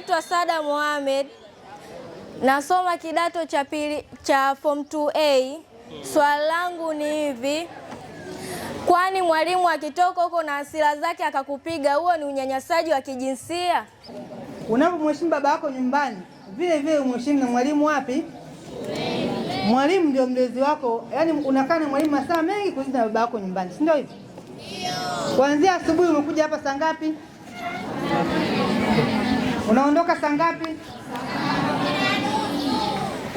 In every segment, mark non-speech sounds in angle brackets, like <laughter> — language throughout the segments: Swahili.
Naitwa Sada Mohamed, nasoma kidato cha pili cha form 2A. Swali langu ni hivi, kwani mwalimu akitoka huko na hasira zake akakupiga, huo ni unyanyasaji wa kijinsia? Unapomheshimu baba yako nyumbani, vile vile umheshimu na mwalimu. Wapi? Mwalimu ndio mlezi wako, yaani unakaa na mwalimu masaa mengi kuzidi na baba yako nyumbani, si ndio hivyo? Kuanzia asubuhi umekuja hapa saa ngapi? Unaondoka saa ngapi?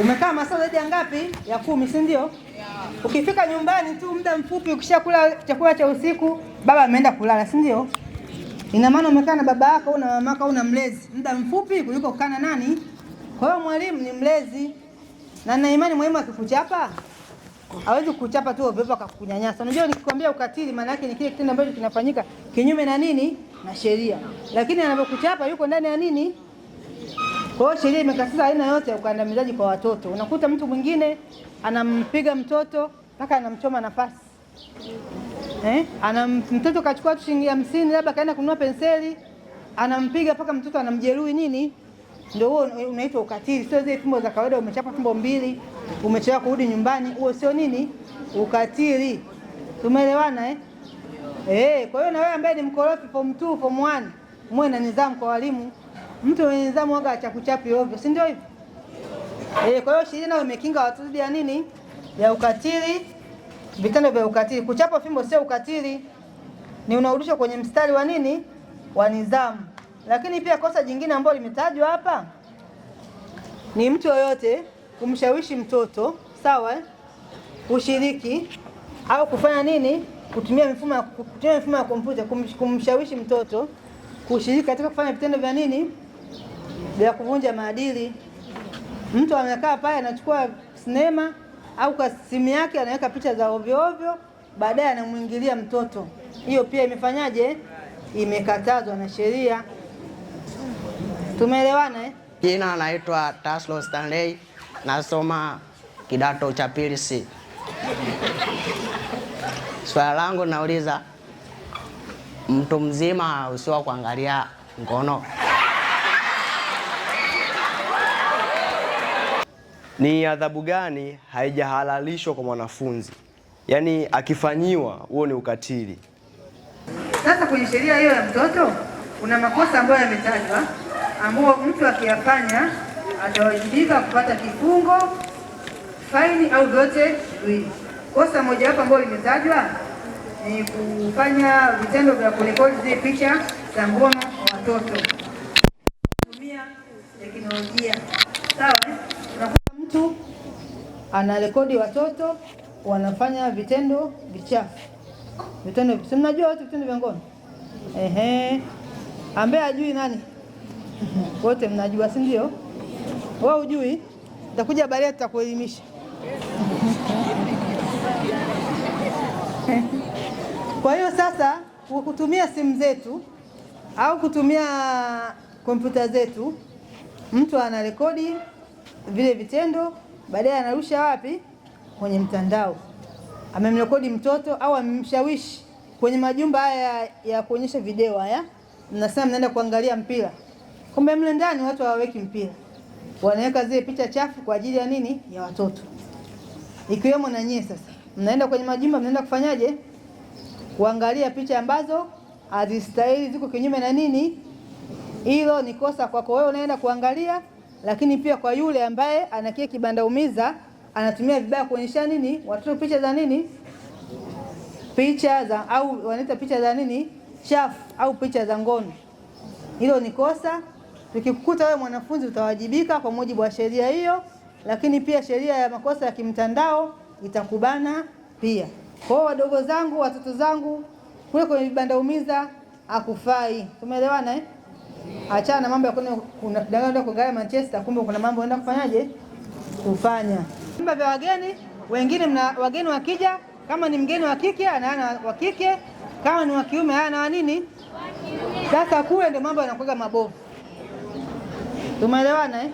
Umekaa masaa zaidi ya ngapi? Ya kumi, si ndio? Ukifika nyumbani tu muda mfupi, ukishakula chakula cha usiku, baba ameenda kulala, si ndio? Ina maana umekaa na baba yako au na mama yako au na mlezi muda mfupi kuliko kukaa na nani? Kwa hiyo mwalimu ni mlezi, na na imani mwalimu akikuchapa hawezi kukuchapa tu ovyo akakunyanyasa. Unajua, nikikwambia ukatili, maana yake ni kile kitendo ambacho kinafanyika kinyume na nini na sheria, lakini anapokuchapa yuko ndani ya nini? Kwa hiyo sheria imekatiza aina yote ya ukandamizaji kwa watoto. Unakuta mtu mwingine anampiga mtoto mpaka anamchoma nafasi eh? Ana mtoto kachukua shilingi hamsini labda kaenda kununua penseli, anampiga mpaka mtoto anamjeruhi nini. Ndio huo unaitwa ukatili, sio zile fimbo za kawaida, umechapa fimbo mbili, umechelewa kurudi nyumbani. Huo sio nini, ukatili. Tumeelewana eh? Eh, kwa hiyo na wewe ambaye ni mkorofi form 2 form 1 muwe na nidhamu kwa walimu. Mtu mwenye nidhamu waga achakuchapi ovyo, si ndio hivyo? Eh, kwa hiyo sheria nayo imekinga watu dhidi ya nini? Ya ukatili, vitendo vya ukatili. Kuchapa fimbo sio ukatili, ni unarudishwa kwenye mstari wa nini? Wa nidhamu. Lakini pia kosa jingine ambalo limetajwa hapa ni mtu yoyote kumshawishi mtoto sawa, ushiriki au kufanya nini kutumia mifumo kutumia mifumo ya kompyuta kumshawishi mtoto kushiriki katika kufanya vitendo vya nini vya kuvunja maadili. Mtu amekaa pale anachukua sinema au kwa simu yake anaweka picha za ovyo ovyo, baadaye anamwingilia mtoto. Hiyo pia imefanyaje? Imekatazwa na sheria. Tumeelewana eh? Jina anaitwa Taslo Stanley, nasoma kidato cha pili C. Swala langu nauliza, mtu mzima haruhusiwi kuangalia ngono? Ni adhabu gani haijahalalishwa kwa mwanafunzi? Yaani akifanyiwa huo ni ukatili. Sasa kwenye sheria hiyo ya mtoto kuna makosa ambayo yametajwa, ambayo mtu akiyafanya atawajibika kupata kifungo, faini au vyote viwili. Kosa moja wapo ambalo limetajwa ni kufanya vitendo vya kurekodi zile picha za ngono kwa watoto kutumia teknolojia. Sawa, eh? unakuta mtu anarekodi watoto wanafanya vitendo vichafu, vitendo si mnajua watu vitendo vya ngono ehe, ambaye ajui nani? <laughs> wote mnajua, si ndio? Wewe hujui, nitakuja baadaye, tutakuelimisha. Kwa hiyo sasa kutumia simu zetu au kutumia kompyuta zetu, mtu anarekodi vile vitendo, baadaye anarusha wapi? Kwenye mtandao. Amemrekodi mtoto au amemshawishi kwenye majumba haya ya kuonyesha video haya, mnasema mnaenda kuangalia mpira, kumbe mle ndani watu hawaweki mpira, wanaweka zile picha chafu kwa ajili ya nini? Ya watoto, ikiwemo na nyie. Sasa mnaenda kwenye majumba, mnaenda kufanyaje? kuangalia picha ambazo hazistahili, ziko kinyume na nini. Hilo ni kosa kwako wewe unaenda kuangalia, lakini pia kwa yule ambaye anakia kibanda umiza anatumia vibaya kuonyesha nini watoto picha za nini, picha za au wanaita picha za nini chafu au picha za ngono. Hilo ni kosa. Tukikukuta wewe mwanafunzi, utawajibika kwa mujibu wa sheria hiyo, lakini pia sheria ya makosa ya kimtandao itakubana pia. Kwa wadogo zangu, watoto zangu, kule kwenye vibanda umiza akufai. Tumeelewana eh? Achana mambo ya kwenda kuangalia Manchester, kumbe kuna mambo unaenda kufanyaje kufanya. Vyumba vya wageni wengine, mna wageni wakija, kama ni mgeni wa kike anaana wa kike, kama ni wa kiume ana wa nini. Sasa kule ndio mambo yanakuwa mabovu. Tumeelewana eh?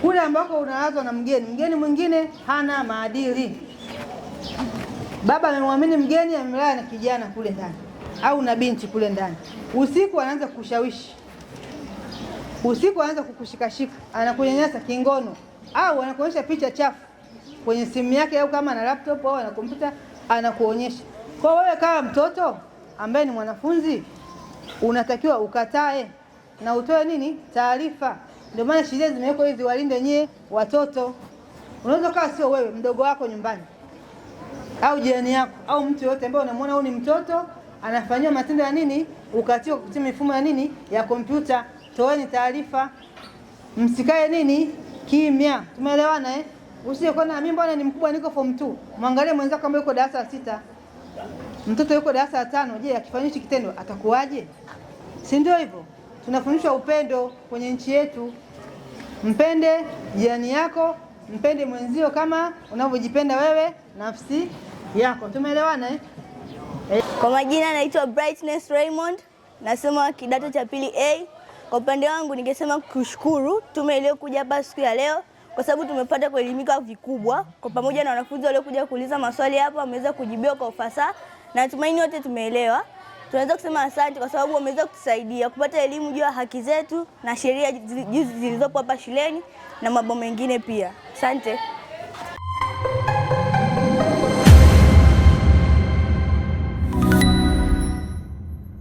Kule ambako unalazwa na mgeni, mgeni mwingine hana maadili. Baba amemwamini mgeni, amelala na kijana kule ndani au na binti kule ndani. Usiku anaanza kushawishi usiku anaanza kukushikashika, anakunyanyasa kingono, au anakuonyesha picha chafu kwenye simu yake, au kama ana laptop au ana kompyuta, anakuonyesha. Kwa wewe kama mtoto ambaye ni mwanafunzi, unatakiwa ukatae na utoe nini, taarifa. Ndio maana sheria zimewekwa hivi, walinde nyie watoto. Unaweza kaa sio wewe, mdogo wako nyumbani au jirani yako au mtu yoyote ambaye unamwona huyu ni mtoto anafanyiwa matendo ya nini, ukatiwa kupitia mifumo ya nini ya kompyuta, toeni taarifa, msikae nini kimya. Tumeelewana eh? Usije kuona mimi mbona ni mkubwa niko form 2. Mwangalie mwenzako ambaye yuko darasa la sita, mtoto yuko darasa la tano. Je, akifanyishi hichi kitendo atakuwaje? Si ndio hivyo? Tunafundishwa upendo kwenye nchi yetu, mpende jirani yako Mpende mwenzio kama unavyojipenda wewe nafsi yako. Tumeelewana eh? Kwa majina naitwa Brightness Raymond, nasema kidato cha pili A. Kwa upande wangu ningesema kushukuru tume iliyokuja hapa siku ya leo kwa sababu tumepata kuelimika vikubwa kwa pamoja, na wanafunzi waliokuja kuuliza maswali hapa wameweza kujibiwa kwa ufasaha na natumaini wote tumeelewa tunaweza kusema asante kwa sababu wameweza kutusaidia kupata elimu juu ya haki zetu na sheria zilizopo hapa shuleni na mambo mengine pia. Asante.